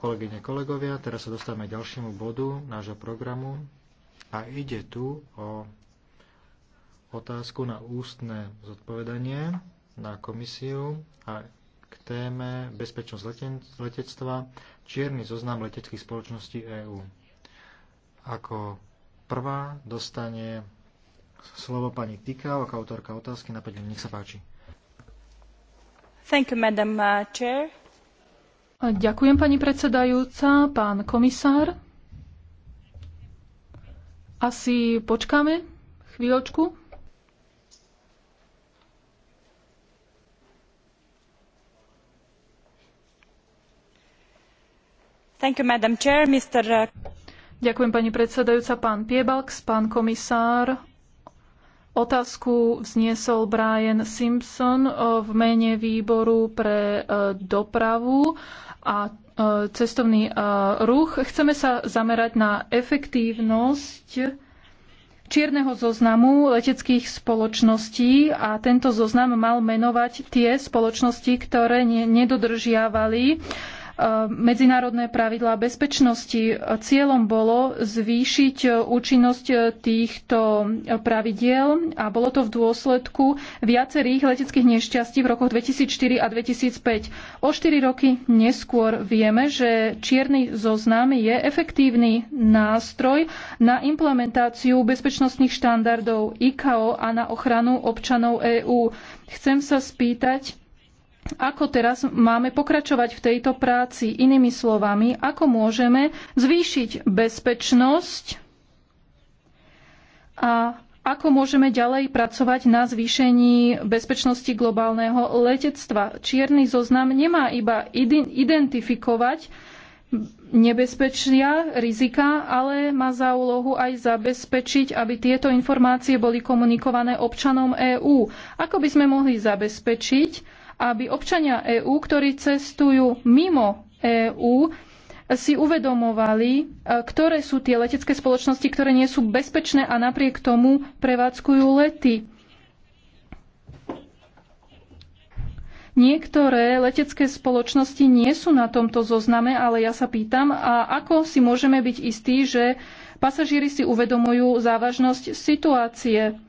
Kolegyne, kolegovia, teraz sa dostávame k ďalšiemu bodu nášho programu a ide tu o otázku na ústne zodpovedanie na komisiu a k téme bezpečnosť letectva, čierny zoznam leteckých spoločností EÚ. Ako prvá dostane slovo pani Tika ako autorka otázky na 5 Nech sa páči. Thank you, Madam uh, Chair. Ďakujem, pani predsedajúca, pán komisár. Asi počkáme chvíľočku. You, Chair, Mr... Uh, Ďakujem, pani predsedajúca, pán Piebalks, pán komisár. Otázku vzniesol Brian Simpson uh, v mene výboru pre uh, dopravu a e, cestovný e, ruch. Chceme sa zamerať na efektívnosť čierneho zoznamu leteckých spoločností a tento zoznam mal menovať tie spoločnosti, ktoré nedodržiavali E, medzinárodné pravidlá bezpečnosti. Cieľom bolo zvýšiť účinnosť týchto pravidiel a bolo to v dôsledku viacerých leteckých nešťastí v rokoch 2004 a 2005. O 4 roky neskôr vieme, že čierny zoznam je efektívny nástroj na implementáciu bezpečnostných štandardov ICAO a na ochranu občanov EÚ. Chcem sa spýtať, ako teraz máme pokračovať v tejto práci? Inými slovami, ako môžeme zvýšiť bezpečnosť a ako môžeme ďalej pracovať na zvýšení bezpečnosti globálneho letectva. Čierny zoznam nemá iba identifikovať nebezpečia, rizika, ale má za úlohu aj zabezpečiť, aby tieto informácie boli komunikované občanom EÚ. Ako by sme mohli zabezpečiť, aby občania EÚ, ktorí cestujú mimo EÚ, si uvedomovali, e, ktoré sú tie letecké spoločnosti, ktoré nie sú bezpečné a napriek tomu prevádzkujú lety. Niektoré letecké spoločnosti nie sú na tomto zozname, ale ja sa pýtam, a ako si môžeme byť istí, že pasažieri si uvedomujú závažnosť situácie?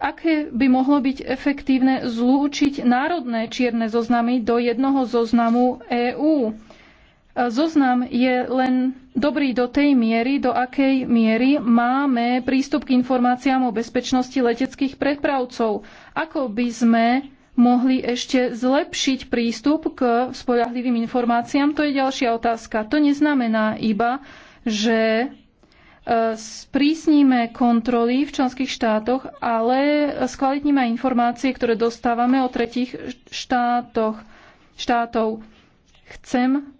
aké by mohlo byť efektívne zlúčiť národné čierne zoznamy do jednoho zoznamu EÚ. Zoznam je len dobrý do tej miery, do akej miery máme prístup k informáciám o bezpečnosti leteckých prepravcov. Ako by sme mohli ešte zlepšiť prístup k spoľahlivým informáciám, to je ďalšia otázka. To neznamená iba, že sprísníme kontroly v členských štátoch, ale skvalitníme aj informácie, ktoré dostávame o tretích štátoch, štátov. Chcem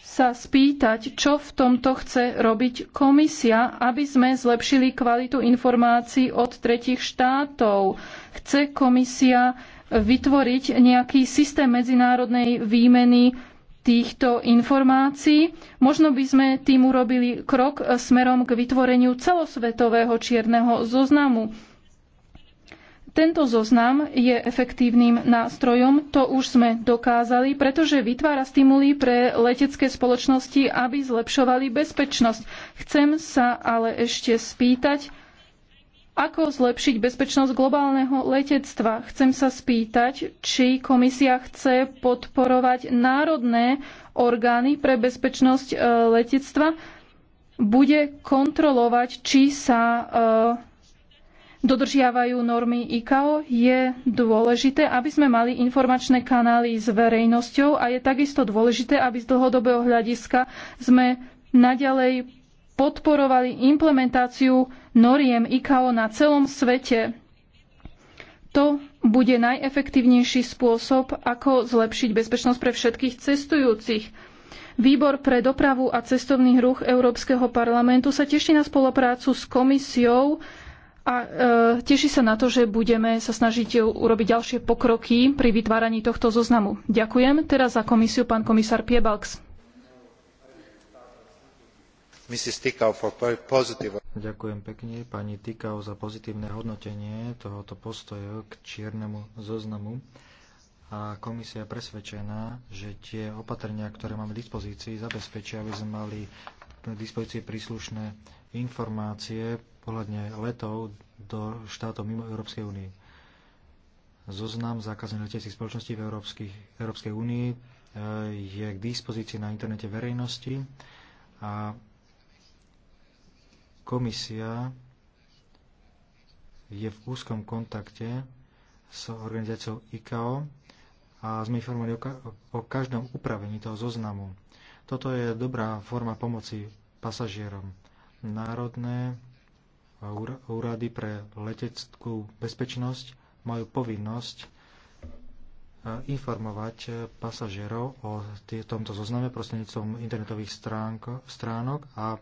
sa spýtať, čo v tomto chce robiť komisia, aby sme zlepšili kvalitu informácií od tretich štátov. Chce komisia vytvoriť nejaký systém medzinárodnej výmeny týchto informácií. Možno by sme tým urobili krok e, smerom k vytvoreniu celosvetového čierneho zoznamu. Tento zoznam je efektívnym nástrojom, to už sme dokázali, pretože vytvára stimuly pre letecké spoločnosti, aby zlepšovali bezpečnosť. Chcem sa ale ešte spýtať, ako zlepšiť bezpečnosť globálneho letectva? Chcem sa spýtať, či komisia chce podporovať národné orgány pre bezpečnosť e, letectva, bude kontrolovať, či sa e, dodržiavajú normy ICAO, je dôležité, aby sme mali informačné kanály s verejnosťou a je takisto dôležité, aby z dlhodobého hľadiska sme naďalej podporovali implementáciu noriem ICAO na celom svete. To bude najefektívnejší spôsob, ako zlepšiť bezpečnosť pre všetkých cestujúcich. Výbor pre dopravu a cestovný ruch Európskeho parlamentu sa teší na spoluprácu s komisiou a e, teší sa na to, že budeme sa snažiť urobiť ďalšie pokroky pri vytváraní tohto zoznamu. Ďakujem. Teraz za komisiu pán komisár Piebalgs. Ďakujem pekne pani Tikau za pozitívne hodnotenie tohoto postoja k čiernemu zoznamu. A komisia presvedčená, že tie opatrenia, ktoré máme v dispozícii, zabezpečia, aby sme mali k dispozícii príslušné informácie pohľadne letov do štátov mimo Európskej únie. Zoznam zákazných leteckých spoločností v Európskej, Európskej únii e, je k dispozícii na internete verejnosti a Komisia je v úzkom kontakte s organizáciou ICAO a sme informovali o každom upravení toho zoznamu. Toto je dobrá forma pomoci pasažierom. Národné úrady pre leteckú bezpečnosť majú povinnosť e, informovať pasažierov o tomto zozname prostredníctvom internetových stránok, stránok a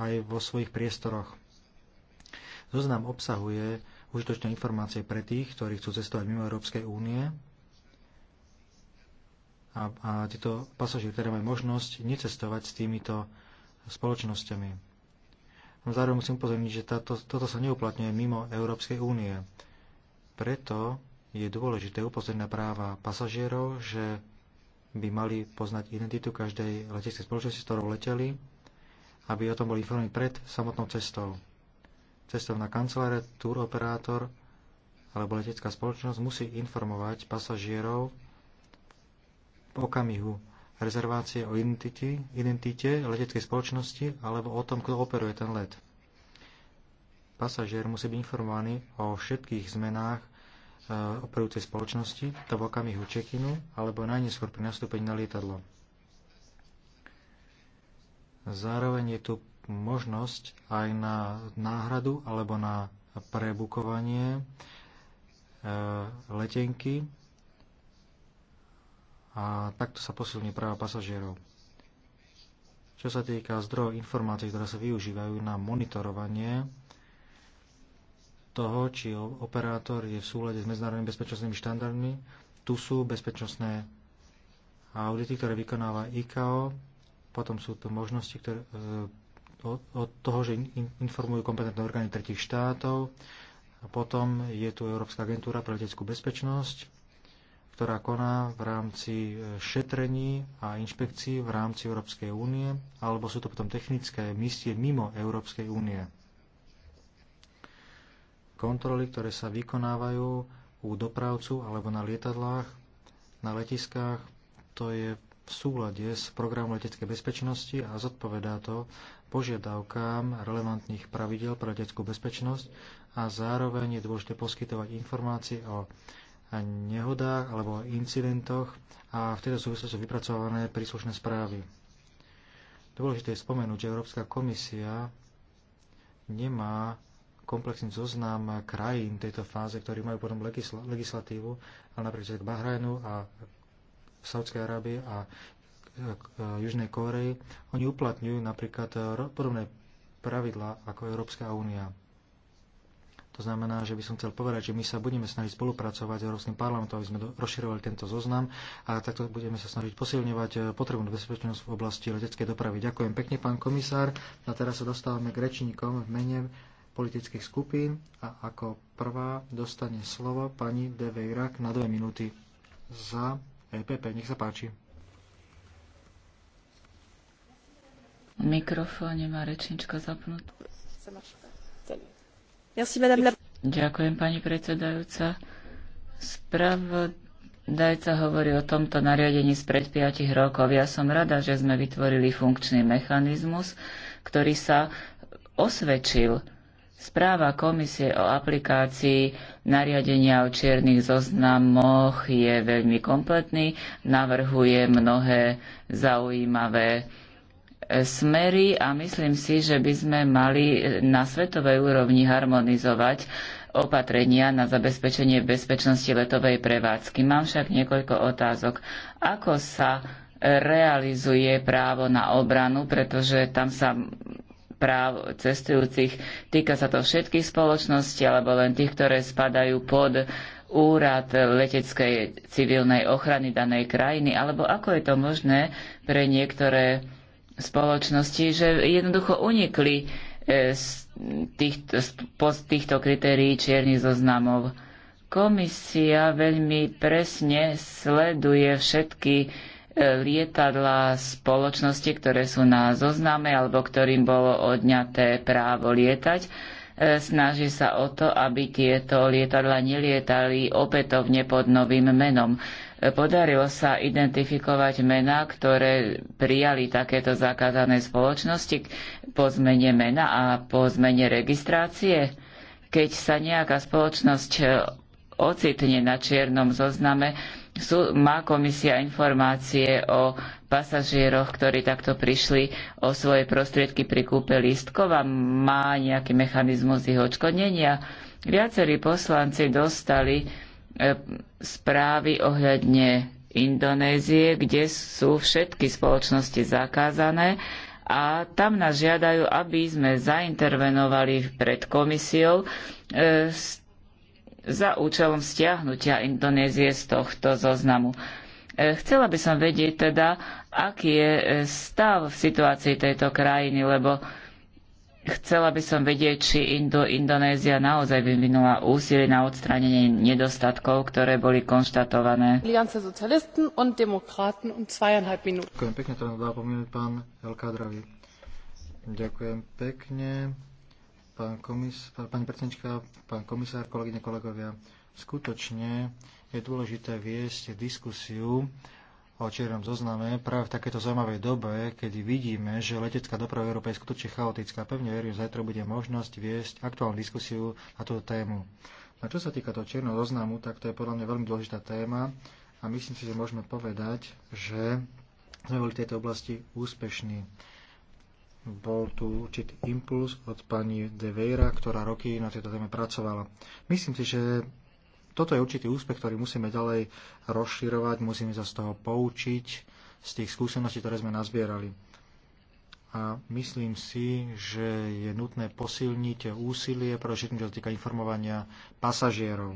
aj vo svojich priestoroch. Zoznam obsahuje užitočné informácie pre tých, ktorí chcú cestovať mimo Európskej únie a, a títo pasažieri teda majú možnosť necestovať s týmito spoločnosťami. No, zároveň musím upozorniť, že táto, toto sa neuplatňuje mimo Európskej únie. Preto je dôležité upozorniť na práva pasažierov, že by mali poznať identitu každej leteckej spoločnosti, s ktorou leteli, aby o tom boli informovaní pred samotnou cestou. Cestovná kancelária, tour operátor alebo letecká spoločnosť musí informovať pasažierov v okamihu rezervácie o identite, identite leteckej spoločnosti alebo o tom, kto operuje ten let. Pasažier musí byť informovaný o všetkých zmenách eh, operujúcej spoločnosti, to v okamihu check-inu alebo najneskôr pri nastúpení na lietadlo. Zároveň je tu možnosť aj na náhradu alebo na prebukovanie e, letenky a takto sa posilní práva pasažierov. Čo sa týka zdrojov informácií, ktoré sa využívajú na monitorovanie toho, či operátor je v súlade s medzinárodnými bezpečnostnými štandardmi, tu sú bezpečnostné audity, ktoré vykonáva ICAO potom sú to možnosti, ktoré, e, od toho, že informujú kompetentné orgány tretich štátov. A potom je tu Európska agentúra pre leteckú bezpečnosť, ktorá koná v rámci e, šetrení a inšpekcií v rámci Európskej únie, alebo sú to potom technické misie mimo Európskej únie. Kontroly, ktoré sa vykonávajú u dopravcu alebo na lietadlách, na letiskách, to je v súlade s programom leteckej bezpečnosti a zodpovedá to požiadavkám relevantných pravidel pre leteckú bezpečnosť a zároveň je dôležité poskytovať informácie o nehodách alebo o incidentoch a v tejto súvislosti sú vypracované príslušné správy. Dôležité je spomenúť, že Európska komisia nemá komplexný zoznam krajín tejto fáze, ktorí majú potom legislatívu, ale napríklad Bahrajnu a v Saudskej Arábii a e, e, Južnej Kórei, oni uplatňujú napríklad e, podobné pravidlá ako Európska únia. To znamená, že by som chcel povedať, že my sa budeme snažiť spolupracovať s Európskym parlamentom, aby sme rozširovali tento zoznam a takto budeme sa snažiť posilňovať potrebnú bezpečnosť v oblasti leteckej dopravy. Ďakujem pekne, pán komisár. A teraz sa dostávame k rečníkom v mene politických skupín a ako prvá dostane slovo pani Deveirak na dve minúty za EPP. Nech sa páči. Mikrofóne má rečnička zapnutá. Ďakujem, pani predsedajúca. Spravodajca hovorí o tomto nariadení spred 5 rokov. Ja som rada, že sme vytvorili funkčný mechanizmus, ktorý sa osvedčil Správa komisie o aplikácii nariadenia o čiernych zoznamoch je veľmi kompletný, navrhuje mnohé zaujímavé e, smery a myslím si, že by sme mali na svetovej úrovni harmonizovať opatrenia na zabezpečenie bezpečnosti letovej prevádzky. Mám však niekoľko otázok. Ako sa realizuje právo na obranu, pretože tam sa práv cestujúcich. Týka sa to všetkých spoločností alebo len tých, ktoré spadajú pod úrad leteckej civilnej ochrany danej krajiny, alebo ako je to možné pre niektoré spoločnosti, že jednoducho unikli e, z týchto, z týchto kritérií čiernych zoznamov. Komisia veľmi presne sleduje všetky lietadla spoločnosti, ktoré sú na zozname alebo ktorým bolo odňaté právo lietať. E, snaží sa o to, aby tieto lietadla nelietali opätovne pod novým menom. E, podarilo sa identifikovať mená, ktoré prijali takéto zakázané spoločnosti po zmene mena a po zmene registrácie. Keď sa nejaká spoločnosť e, ocitne na čiernom zozname, sú, má komisia informácie o pasažieroch, ktorí takto prišli o svoje prostriedky pri kúpe lístkov a má nejaký mechanizmus ich odškodnenia. Viacerí poslanci dostali e, správy ohľadne Indonézie, kde sú všetky spoločnosti zakázané a tam nás žiadajú, aby sme zaintervenovali pred komisiou e, s za účelom stiahnutia Indonézie z tohto zoznamu. E, chcela by som vedieť teda, aký je e, stav v situácii tejto krajiny, lebo chcela by som vedieť, či Indo, Indonézia naozaj vyvinula úsilie na odstránenie nedostatkov, ktoré boli konštatované. Um Ďakujem pekne, teda dá pominúť pán Elkadravi. Ďakujem pekne pán komis, pani predsednička, pán komisár, kolegyne, kolegovia. Skutočne je dôležité viesť diskusiu o čiernom zozname práve v takéto zaujímavej dobe, kedy vidíme, že letecká doprava v Európe je skutočne chaotická. Pevne verím, že zajtra bude možnosť viesť aktuálnu diskusiu na túto tému. A no, čo sa týka toho čierneho zoznamu, tak to je podľa mňa veľmi dôležitá téma a myslím si, že môžeme povedať, že sme boli v tejto oblasti úspešní bol tu určitý impuls od pani De Veira, ktorá roky na tejto téme pracovala. Myslím si, že toto je určitý úspech, ktorý musíme ďalej rozširovať, musíme sa z toho poučiť, z tých skúseností, ktoré sme nazbierali. A myslím si, že je nutné posilniť úsilie pre všetkým, čo sa týka informovania pasažierov.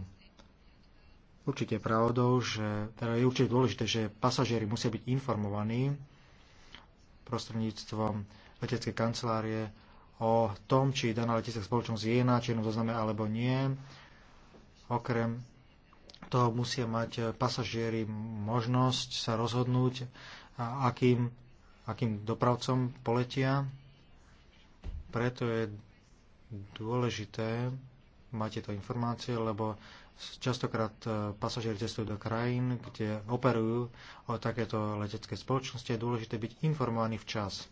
Určite je pravdou, že teda je určite dôležité, že pasažieri musia byť informovaní prostredníctvom letecké kancelárie o tom, či daná letecká spoločnosť je na čiernom zozname alebo nie. Okrem toho musia mať pasažieri možnosť sa rozhodnúť, akým, akým dopravcom poletia. Preto je dôležité mať tieto informácie, lebo častokrát e, pasažieri cestujú do krajín, kde operujú o takéto letecké spoločnosti. Je dôležité byť informovaný včas.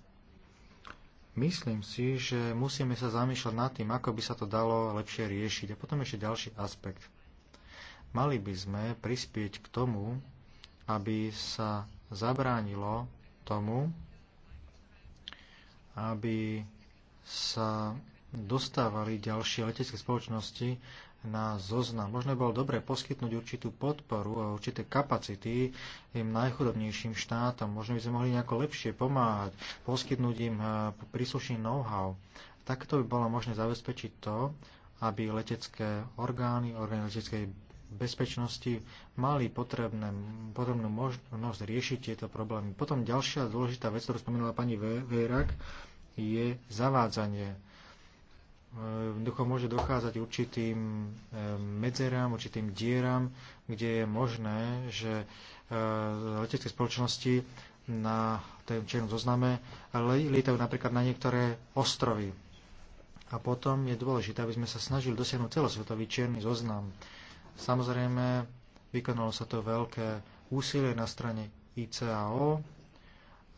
Myslím si, že musíme sa zamýšľať nad tým, ako by sa to dalo lepšie riešiť. A potom ešte ďalší aspekt. Mali by sme prispieť k tomu, aby sa zabránilo tomu, aby sa dostávali ďalšie letecké spoločnosti na zoznam. Možno bolo dobre poskytnúť určitú podporu a určité kapacity tým najchudobnejším štátom. Možno by sme mohli nejako lepšie pomáhať, poskytnúť im eh, príslušný know-how. Takto by bolo možné zabezpečiť to, aby letecké orgány, orgány leteckej bezpečnosti mali potrebné, potrebnú možnosť riešiť tieto problémy. Potom ďalšia dôležitá vec, ktorú spomínala pani Vejrak, je zavádzanie jednoducho môže dochádzať určitým eh, medzerám, určitým dieram, kde je možné, že eh, letecké spoločnosti na tom čiernom zozname lietajú napríklad na niektoré ostrovy. A potom je dôležité, aby sme sa snažili dosiahnuť celosvetový čierny zoznam. Samozrejme, vykonalo sa to veľké úsilie na strane ICAO,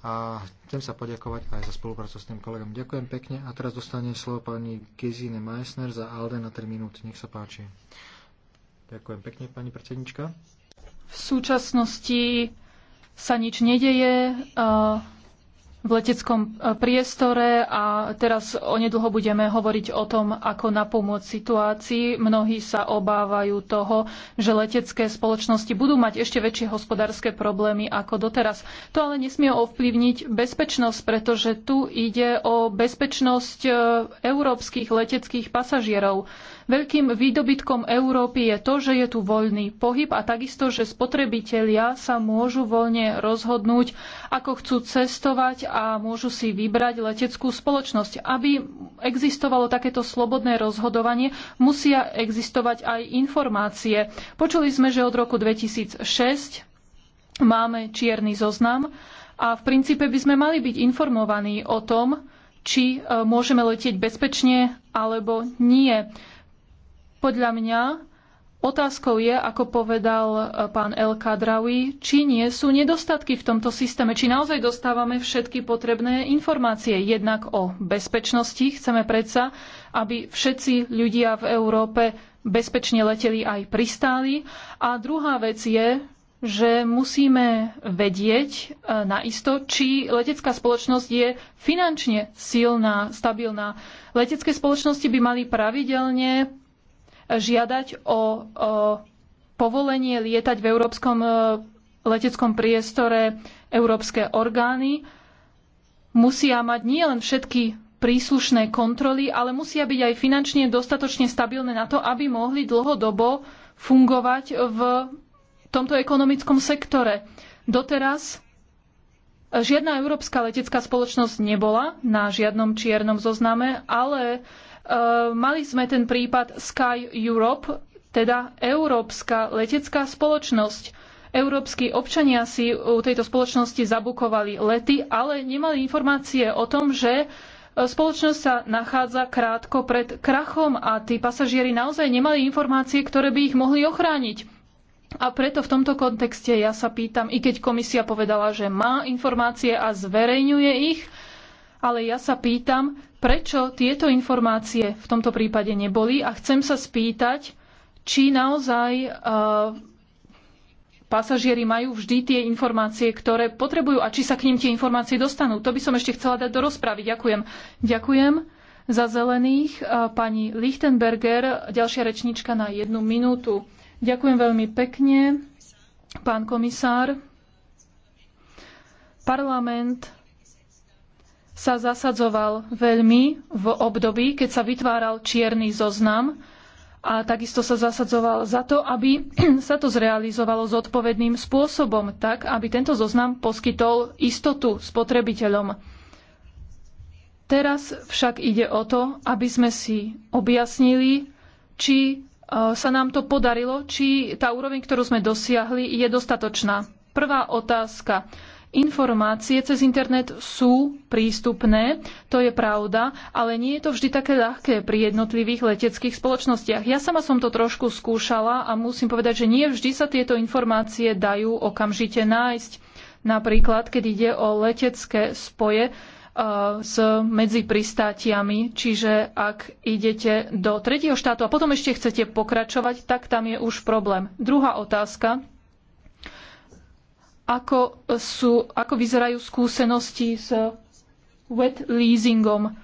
a chcem sa poďakovať aj za spoluprácu s tým kolegom. Ďakujem pekne a teraz dostane slovo pani Gizine Meissner za ALDE na 3 minúty. Nech sa páči. Ďakujem pekne, pani predsednička. V súčasnosti sa nič nedeje. Uh v leteckom e, priestore a teraz onedlho budeme hovoriť o tom, ako napomôcť situácii. Mnohí sa obávajú toho, že letecké spoločnosti budú mať ešte väčšie hospodárske problémy ako doteraz. To ale nesmie ovplyvniť bezpečnosť, pretože tu ide o bezpečnosť e, európskych leteckých pasažierov. Veľkým výdobytkom Európy je to, že je tu voľný pohyb a takisto, že spotrebitelia sa môžu voľne rozhodnúť, ako chcú cestovať a môžu si vybrať leteckú spoločnosť. Aby existovalo takéto slobodné rozhodovanie, musia existovať aj informácie. Počuli sme, že od roku 2006 máme čierny zoznam a v princípe by sme mali byť informovaní o tom, či e, môžeme letieť bezpečne alebo nie. Podľa mňa otázkou je, ako povedal e, pán El Kadrawi, či nie sú nedostatky v tomto systéme, či naozaj dostávame všetky potrebné informácie. Jednak o bezpečnosti chceme predsa, aby všetci ľudia v Európe bezpečne leteli aj pristáli. A druhá vec je, že musíme vedieť e, naisto, či letecká spoločnosť je finančne silná, stabilná. Letecké spoločnosti by mali pravidelne žiadať o, povolenie lietať v európskom e, leteckom priestore európske orgány. Musia mať nielen všetky príslušné kontroly, ale musia byť aj finančne dostatočne stabilné na to, aby mohli dlhodobo fungovať v tomto ekonomickom sektore. Doteraz žiadna európska letecká spoločnosť nebola na žiadnom čiernom zozname, ale Eh, mali sme ten prípad Sky Europe, teda Európska letecká spoločnosť. Európski občania si u tejto spoločnosti zabukovali lety, ale nemali informácie o tom, že eh, spoločnosť sa nachádza krátko pred krachom a tí pasažieri naozaj nemali informácie, ktoré by ich mohli ochrániť. A preto v tomto kontexte ja sa pýtam, i keď komisia povedala, že má informácie a zverejňuje ich, ale ja sa pýtam, prečo tieto informácie v tomto prípade neboli a chcem sa spýtať, či naozaj uh, pasažieri majú vždy tie informácie, ktoré potrebujú a či sa k ním tie informácie dostanú. To by som ešte chcela dať do rozpravy. Ďakujem. Ďakujem za zelených. E, pani Lichtenberger, ďalšia rečnička na jednu minútu. Ďakujem veľmi pekne, pán komisár. Parlament sa zasadzoval veľmi v období, keď sa vytváral čierny zoznam a takisto sa zasadzoval za to, aby sa to zrealizovalo zodpovedným spôsobom, tak aby tento zoznam poskytol istotu spotrebiteľom. Teraz však ide o to, aby sme si objasnili, či e, sa nám to podarilo, či tá úroveň, ktorú sme dosiahli, je dostatočná. Prvá otázka. Informácie cez internet sú prístupné, to je pravda, ale nie je to vždy také ľahké pri jednotlivých leteckých spoločnostiach. Ja sama som to trošku skúšala a musím povedať, že nie vždy sa tieto informácie dajú okamžite nájsť. Napríklad, keď ide o letecké spoje, eh, s medzi pristátiami, čiže ak idete do tretieho štátu a potom ešte chcete pokračovať, tak tam je už problém. Druhá otázka ako, sú, ako vyzerajú skúsenosti s wet leasingom.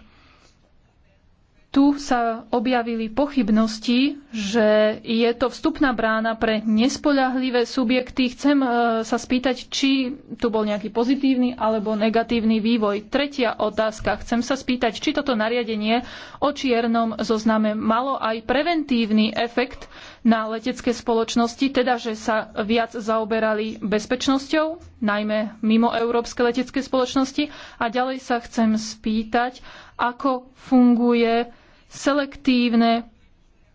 Tu sa objavili pochybnosti, že je to vstupná brána pre nespoľahlivé subjekty. Chcem e, sa spýtať, či tu bol nejaký pozitívny alebo negatívny vývoj. Tretia otázka. Chcem sa spýtať, či toto nariadenie o čiernom zozname malo aj preventívny efekt, na letecké spoločnosti, teda že sa viac zaoberali bezpečnosťou, najmä mimo európske letecké spoločnosti. A ďalej sa chcem spýtať, ako funguje selektívne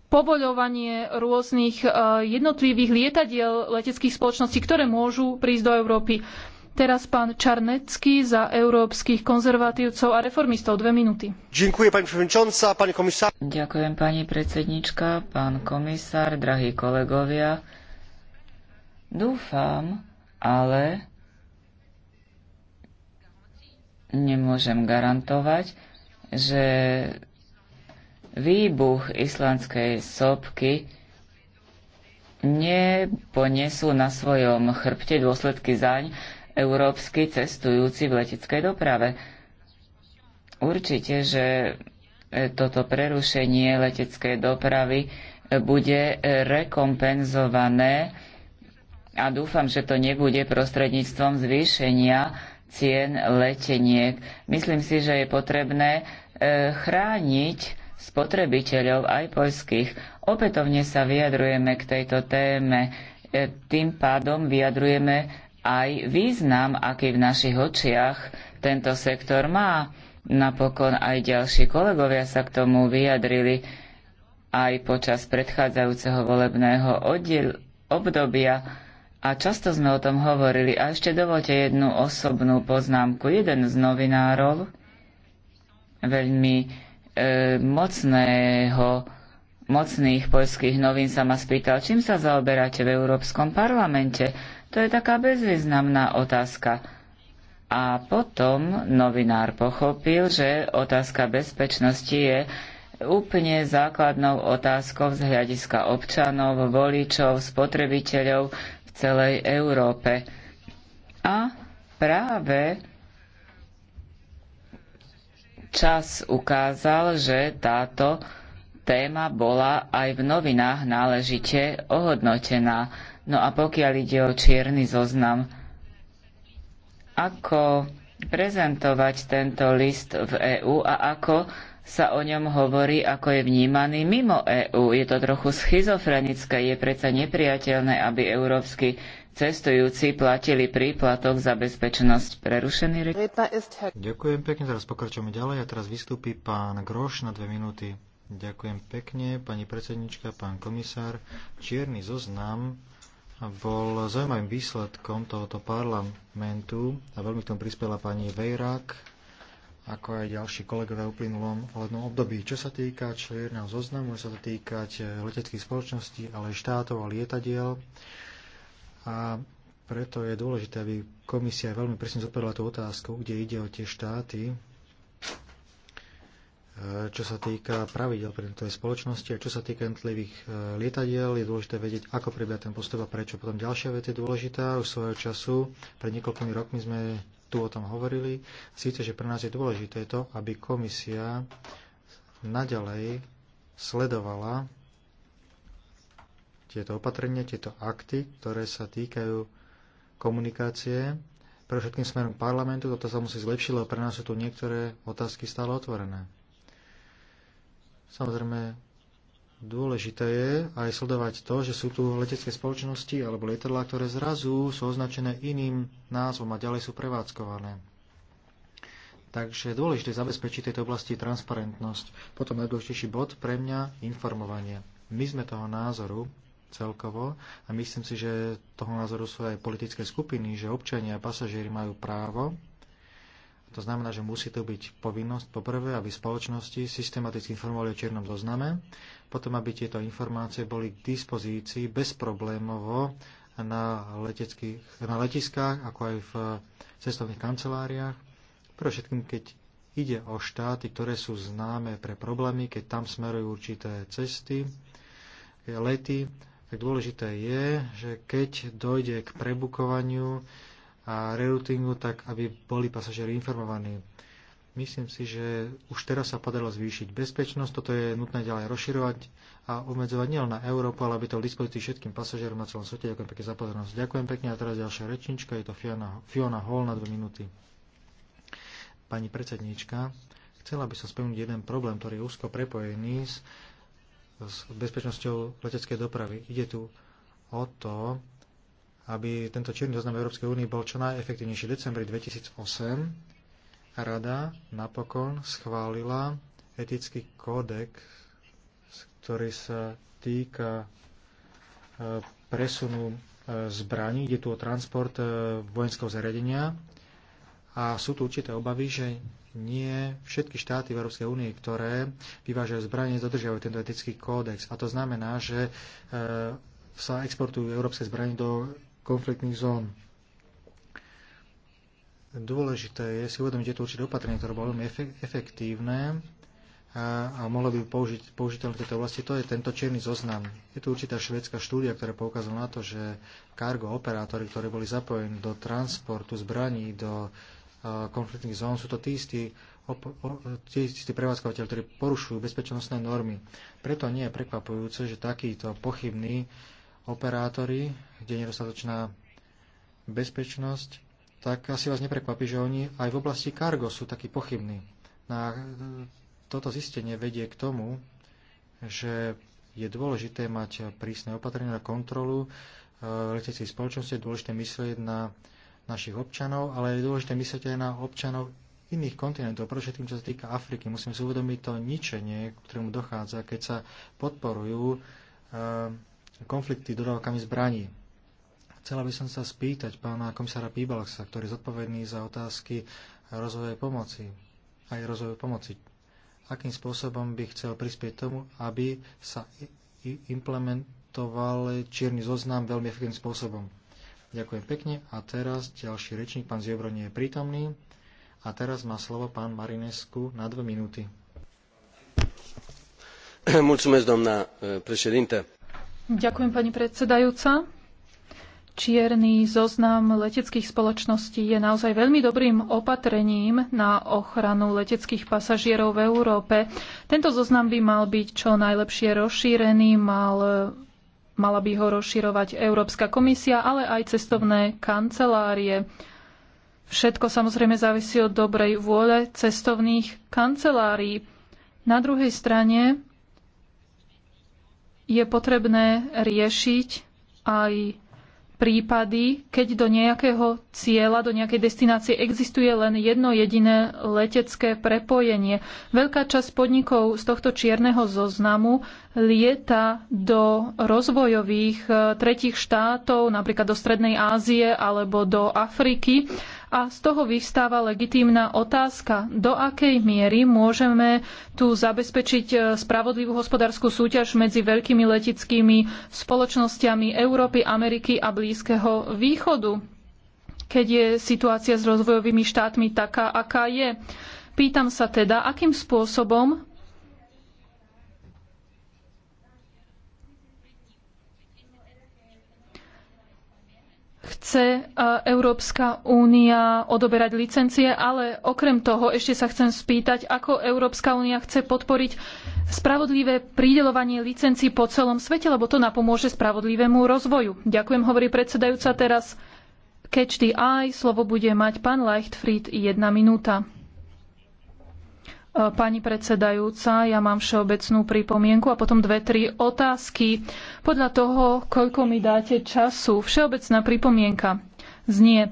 povoľovanie rôznych eh, jednotlivých lietadiel leteckých spoločností, ktoré môžu prísť do Európy. Teraz pán Czarnecki za európskych konzervatívcov a reformistov. Dve minúty. Ďakujem pani predsednička, pán komisár, drahí kolegovia. Dúfam, ale nemôžem garantovať, že výbuch islandskej sopky neponesú na svojom chrbte dôsledky zaň, európsky cestujúci v leteckej doprave. Určite, že e, toto prerušenie leteckej dopravy e, bude rekompenzované a dúfam, že to nebude prostredníctvom zvýšenia cien leteniek. Myslím si, že je potrebné e, chrániť spotrebiteľov aj poľských. Opätovne sa vyjadrujeme k tejto téme. Tým pádom vyjadrujeme aj význam, aký v našich očiach tento sektor má. Napokon aj ďalší kolegovia sa k tomu vyjadrili aj počas predchádzajúceho volebného oddiel, obdobia a často sme o tom hovorili. A ešte dovolte jednu osobnú poznámku. Jeden z novinárov veľmi e, mocného mocných poľských novín sa ma spýtal, čím sa zaoberáte v Európskom parlamente. To je taká bezvýznamná otázka. A potom novinár pochopil, že otázka bezpečnosti je úplne základnou otázkou z hľadiska občanov, voličov, spotrebiteľov v celej Európe. A práve čas ukázal, že táto téma bola aj v novinách náležite ohodnotená. No a pokiaľ ide o čierny zoznam, ako prezentovať tento list v EÚ a ako sa o ňom hovorí, ako je vnímaný mimo EÚ. Je to trochu schizofrenické, je predsa nepriateľné, aby európsky cestujúci platili príplatok za bezpečnosť prerušený. Ďakujem pekne, teraz pokračujeme ďalej a teraz vystúpi pán Groš na dve minúty. Ďakujem pekne, pani predsednička, pán komisár. Čierny zoznam bol zaujímavým výsledkom tohoto parlamentu a veľmi k tomu prispela pani Vejrak, ako aj ďalší kolegovia v uplynulom volebnom období. Čo sa týka čierneho zoznamu, môže sa to týkať leteckých spoločností, ale aj štátov a lietadiel. A preto je dôležité, aby komisia veľmi presne zodpovedala tú otázku, kde ide o tie štáty, E, čo sa týka pravidel pre tej spoločnosti a čo sa týka jednotlivých e, lietadiel, je dôležité vedieť, ako prebieha ten postup a prečo. Potom ďalšia vec je dôležitá, už svojho času, pred niekoľkými rokmi sme tu o tom hovorili, síce, že pre nás je dôležité to, aby komisia naďalej sledovala tieto opatrenia, tieto akty, ktoré sa týkajú komunikácie pre všetkým smerom parlamentu, toto sa musí zlepšiť, lebo pre nás sú tu niektoré otázky stále otvorené. Samozrejme, dôležité je aj sledovať to, že sú tu letecké spoločnosti alebo lietadlá, ktoré zrazu sú označené iným názvom a ďalej sú prevádzkované. Takže dôležité zabezpečiť tejto oblasti transparentnosť. Potom najdôležitejší bod pre mňa informovanie. My sme toho názoru celkovo a myslím si, že toho názoru sú aj politické skupiny, že občania a pasažieri majú právo to znamená, že musí to byť povinnosť poprvé, aby spoločnosti systematicky informovali o čiernom zozname, potom aby tieto informácie boli k dispozícii bezproblémovo na, na letiskách, ako aj v cestovných kanceláriách. Pre všetkým, keď ide o štáty, ktoré sú známe pre problémy, keď tam smerujú určité cesty, lety, tak dôležité je, že keď dojde k prebukovaniu, a reroutingu, tak aby boli pasažieri informovaní. Myslím si, že už teraz sa podarilo zvýšiť bezpečnosť, toto je nutné ďalej rozširovať a obmedzovať nielen na Európu, ale aby to bol všetkým pasažierom na celom svete. Ďakujem pekne za pozornosť. Ďakujem pekne a teraz ďalšia rečnička, je to Fiona, Fiona Hall na dve minúty. Pani predsedníčka, chcela by som spomenúť jeden problém, ktorý je úzko prepojený s, s bezpečnosťou leteckej dopravy. Ide tu o to, aby tento čierny zoznam Európskej únie bol čo najefektívnejší. V decembri 2008 rada napokon schválila etický kódex, ktorý sa týka e, presunu e, zbraní, ide tu o transport e, vojenského zariadenia a sú tu určité obavy, že nie všetky štáty v Európskej únie, ktoré vyvážajú zbranie, dodržiavajú tento etický kódex. A to znamená, že sa exportujú európske zbranie do konfliktných zón. Dôležité je si uvedomiť, že to určité opatrenie, ktoré bolo veľmi efektívne a, a mohlo by použiť, použiteľné v tejto oblasti. To je tento čierny zoznam. Je tu určitá švedská štúdia, ktorá poukázala na to, že kargo operátori, ktorí boli zapojení do transportu zbraní, do konfliktných zón, sú to tí istí, tí istí prevádzkovateľ, ktorí porušujú bezpečnostné normy. Preto nie je prekvapujúce, že takýto pochybný operátori, kde je nedostatočná bezpečnosť, tak asi vás neprekvapí, že oni aj v oblasti kargo sú takí pochybní. Na no e, toto zistenie vedie k tomu, že je dôležité mať prísne opatrenia na kontrolu e, leteckej spoločnosti, je dôležité myslieť na našich občanov, ale je dôležité myslieť aj na občanov iných kontinentov, tým, čo sa týka Afriky. Musíme si uvedomiť to ničenie, k ktorému dochádza, keď sa podporujú e, konflikty dodávkami zbraní. Chcela by som sa spýtať pána komisára Píbalaksa, ktorý je zodpovedný za otázky rozvoje pomoci, aj rozvoje pomoci. Akým spôsobom by chcel prispieť tomu, aby sa implementoval čierny zoznam veľmi efektívnym spôsobom. Ďakujem pekne a teraz ďalší rečník, pán Ziobro, nie je prítomný. A teraz má slovo pán Marinescu na dve minúty. Mulțumesc, doamna eh, președinte Ďakujem, pani predsedajúca. Čierny zoznam leteckých spoločností je naozaj veľmi dobrým opatrením na ochranu leteckých pasažierov v Európe. Tento zoznam by mal byť čo najlepšie rozšírený, mal, mala by ho rozširovať Európska komisia, ale aj cestovné kancelárie. Všetko samozrejme závisí od dobrej vôle cestovných kancelárií. Na druhej strane je potrebné riešiť aj prípady, keď do nejakého cieľa, do nejakej destinácie existuje len jedno jediné letecké prepojenie. Veľká časť podnikov z tohto čierneho zoznamu lieta do rozvojových eh, tretich štátov, napríklad do Strednej Ázie alebo do Afriky a z toho vyvstáva legitímna otázka, do akej miery môžeme tu zabezpečiť e, spravodlivú hospodárskú súťaž medzi veľkými letickými spoločnosťami Európy, Ameriky a Blízkeho východu keď je situácia s rozvojovými štátmi taká, aká je. Pýtam sa teda, akým spôsobom chce e, Európska únia odoberať licencie, ale okrem toho ešte sa chcem spýtať, ako Európska únia chce podporiť spravodlivé prideľovanie licencií po celom svete, lebo to napomôže spravodlivému rozvoju. Ďakujem, hovorí predsedajúca teraz. Catch the eye, slovo bude mať pán Leichtfried, jedna minúta. Pani predsedajúca, ja mám všeobecnú pripomienku a potom dve, tri otázky. Podľa toho, koľko mi dáte času, všeobecná pripomienka znie.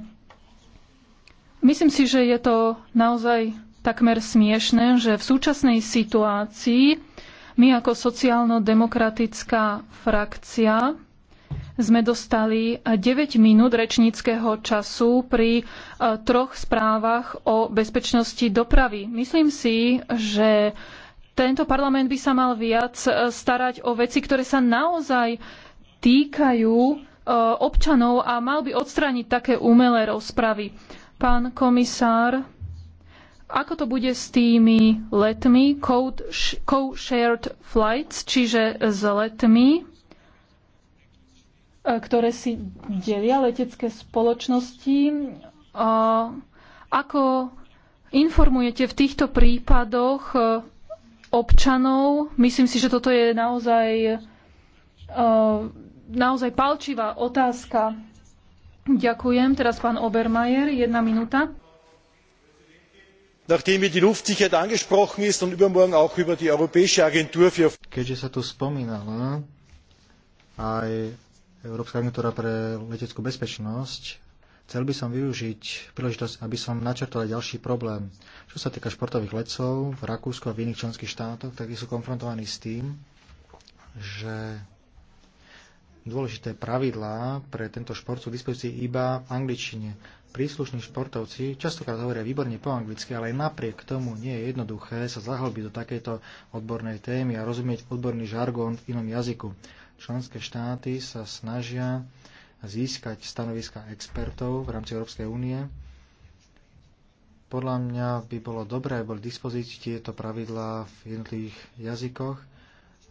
Myslím si, že je to naozaj takmer smiešné, že v súčasnej situácii my ako sociálno-demokratická frakcia sme dostali 9 eh, minút rečníckého času pri eh, troch správach o bezpečnosti dopravy. Myslím si, že tento parlament by sa mal viac eh, starať o veci, ktoré sa naozaj týkajú občanov a mal by odstrániť také umelé rozpravy. Pán komisár, ako to bude s tými letmi, co-shared flights, čiže s letmi, E, ktoré si delia letecké spoločnosti. E, ako informujete v týchto prípadoch e, občanov? Myslím si, že toto je naozaj, naozaj palčivá otázka. Ďakujem. Teraz pán Obermajer, jedna minúta. Keďže sa tu spomínala aj Európska agentúra pre leteckú bezpečnosť, chcel by som využiť príležitosť, aby som načrtol aj ďalší problém. Čo sa týka športových lecov v Rakúsku a v iných členských štátoch, tak sú konfrontovaní s tým, že dôležité pravidlá pre tento šport sú v dispozícii iba v angličtine príslušní športovci častokrát hovoria výborne po anglicky, ale aj napriek tomu nie je jednoduché sa zahlbiť do takejto odbornej témy a rozumieť odborný žargón v inom jazyku. Členské štáty sa snažia získať stanoviska expertov v rámci Európskej únie. Podľa mňa by bolo dobré, boli dispozícii tieto pravidlá v jednotlivých jazykoch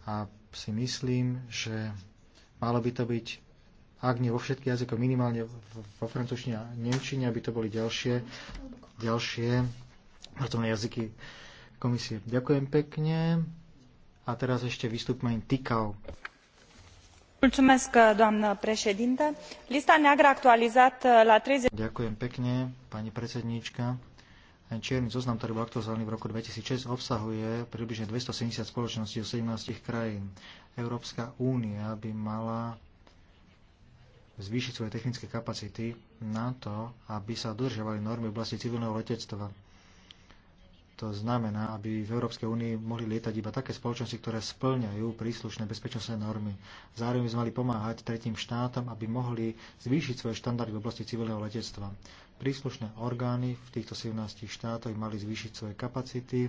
a si myslím, že malo by to byť ak nie vo všetkých jazykoch, minimálne vo francúzštine a nemčine, aby to boli ďalšie, ďalšie pracovné jazyky komisie. Ďakujem pekne. A teraz ešte vystúpme aj Tikau. Lista neagră actualizată la 30... Ďakujem pekne, pani predsedníčka. Ten čierny zoznam, ktorý bol aktualizovaný v roku 2006, obsahuje približne 270 spoločností zo 17 krajín. Európska únia by mala zvýšiť svoje technické kapacity na to, aby sa dodržiavali normy v oblasti civilného letectva. To znamená, aby v Európskej únii mohli lietať iba také spoločnosti, ktoré splňajú príslušné bezpečnostné normy. Zároveň sme mali pomáhať tretím štátom, aby mohli zvýšiť svoje štandardy v oblasti civilného letectva. Príslušné orgány v týchto 17 štátoch mali zvýšiť svoje kapacity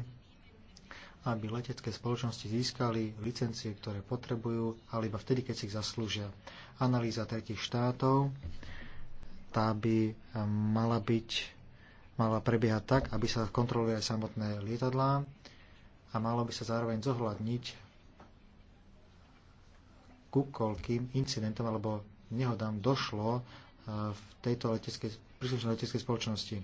aby letecké spoločnosti získali licencie, ktoré potrebujú, ale iba vtedy, keď si ich zaslúžia. Analýza tretich štátov, tá by eh, mala byť mala prebiehať tak, aby sa kontrolovali aj samotné lietadlá a malo by sa zároveň zohľadniť ku koľkým incidentom alebo nehodám došlo eh, v tejto leteckej, príslušnej leteckej spoločnosti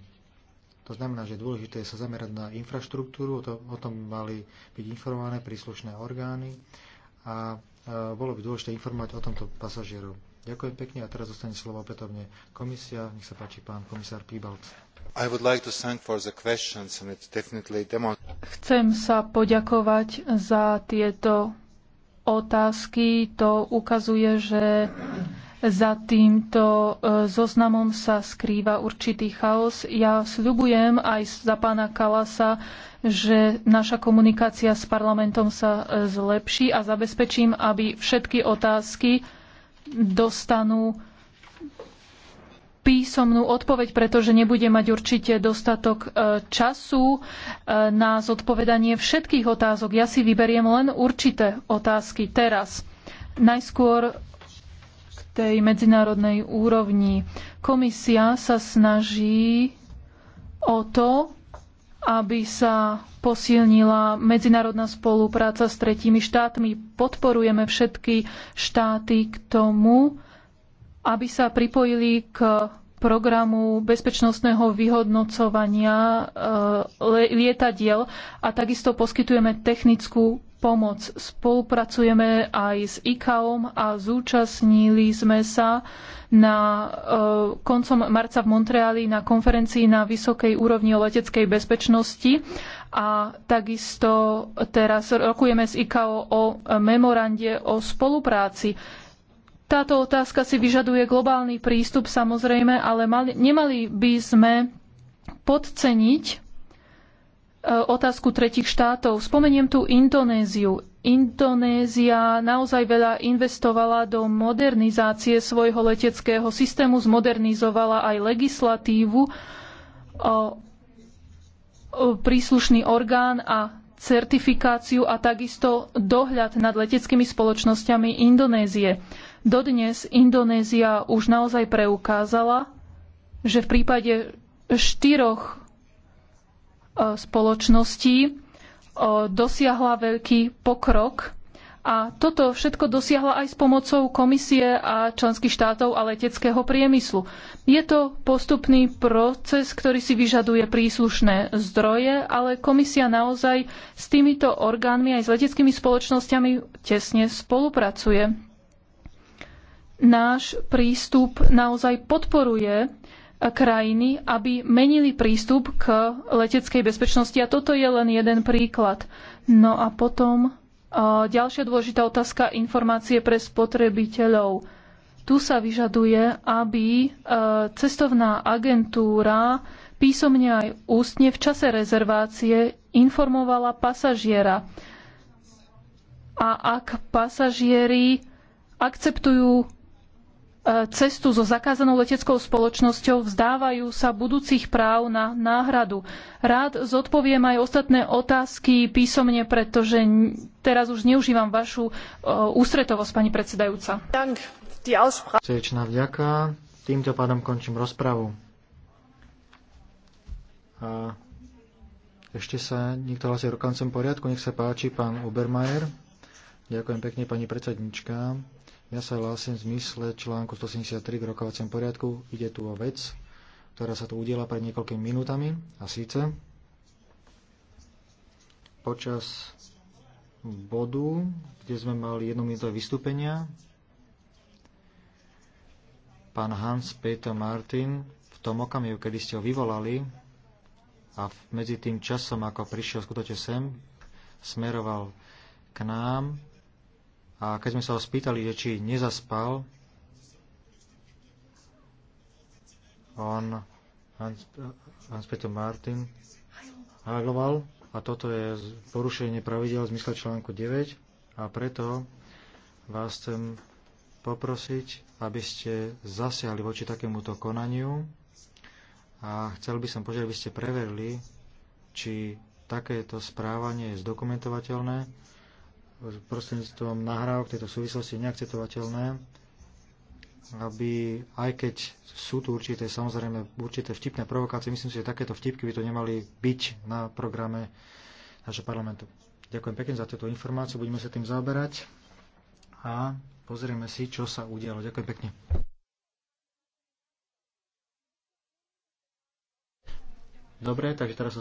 to znamená, že je dôležité sa zamerať na infraštruktúru, o, to, o tom mali byť informované príslušné orgány a e, bolo by dôležité informovať o tomto pasažierov. Ďakujem pekne a teraz zostane slovo opätovne komisia. Nech sa páči pán komisár Píbalc. Like Chcem sa poďakovať za tieto otázky. To ukazuje, že za týmto e, zoznamom sa skrýva určitý chaos. Ja sľubujem aj za pána Kalasa, že naša komunikácia s parlamentom sa e, zlepší a zabezpečím, aby všetky otázky dostanú písomnú odpoveď, pretože nebude mať určite dostatok e, času na zodpovedanie všetkých otázok. Ja si vyberiem len určité otázky teraz. Najskôr tej medzinárodnej úrovni. Komisia sa snaží o to, aby sa posilnila medzinárodná spolupráca s tretími štátmi. Podporujeme všetky štáty k tomu, aby sa pripojili k programu bezpečnostného vyhodnocovania e, lietadiel a takisto poskytujeme technickú pomoc. Spolupracujeme aj s ICAOM a zúčastnili sme sa na e, koncom marca v Montreali na konferencii na vysokej úrovni o leteckej bezpečnosti a takisto teraz rokujeme s ICAO o memorande o spolupráci. Táto otázka si vyžaduje globálny prístup samozrejme, ale mali, nemali by sme podceniť E, otázku tretich štátov. Spomeniem tu Indonéziu. Indonézia naozaj veľa investovala do modernizácie svojho leteckého systému, zmodernizovala aj legislatívu. E, e, príslušný orgán a certifikáciu a takisto dohľad nad leteckými spoločnosťami Indonézie. Dodnes Indonézia už naozaj preukázala, že v prípade štyroch E, spoločnosti e, dosiahla veľký pokrok. A toto všetko dosiahla aj s pomocou komisie a členských štátov a leteckého priemyslu. Je to postupný proces, ktorý si vyžaduje príslušné zdroje, ale komisia naozaj s týmito orgánmi aj s leteckými spoločnosťami tesne spolupracuje. Náš prístup naozaj podporuje krajiny, aby menili prístup k leteckej bezpečnosti. A toto je len jeden príklad. No a potom ďalšia dôležitá otázka informácie pre spotrebiteľov. Tu sa vyžaduje, aby e, cestovná agentúra písomne aj ústne v čase rezervácie informovala pasažiera. A ak pasažieri akceptujú cestu so zakázanou leteckou spoločnosťou, vzdávajú sa budúcich práv na náhradu. Rád zodpoviem aj ostatné otázky písomne, pretože teraz už neužívam vašu e, ústretovosť, pani predsedajúca. Srdečná vďaka. Týmto pádom končím rozpravu. A ešte sa niekto hlasí rokancom poriadku. Nech sa páči, pán Obermajer. Ďakujem pekne, pani predsednička. Ja sa hlásim v zmysle článku 173 k rokovacom poriadku. Ide tu o vec, ktorá sa tu udiela pred niekoľkými minútami. A síce počas bodu, kde sme mali jednominútové vystúpenia, pán Hans Peter Martin v tom okamihu, kedy ste ho vyvolali a medzi tým časom, ako prišiel skutočne sem, smeroval k nám a keď sme sa ho spýtali, že či nezaspal, on, Hans, Peter Martin, hagloval a toto je porušenie pravidel v zmysle článku 9 a preto vás chcem poprosiť, aby ste zasiahli voči takémuto konaniu a chcel by som požiadať, aby ste preverili, či takéto správanie je zdokumentovateľné prostredníctvom nahrávok tejto súvislosti neakceptovateľné, aby aj keď sú tu určité, samozrejme, určité vtipné provokácie, myslím si, že takéto vtipky by to nemali byť na programe našho parlamentu. Ďakujem pekne za túto informáciu, budeme sa tým zaoberať a pozrieme si, čo sa udialo. Ďakujem pekne. Dobre, takže teraz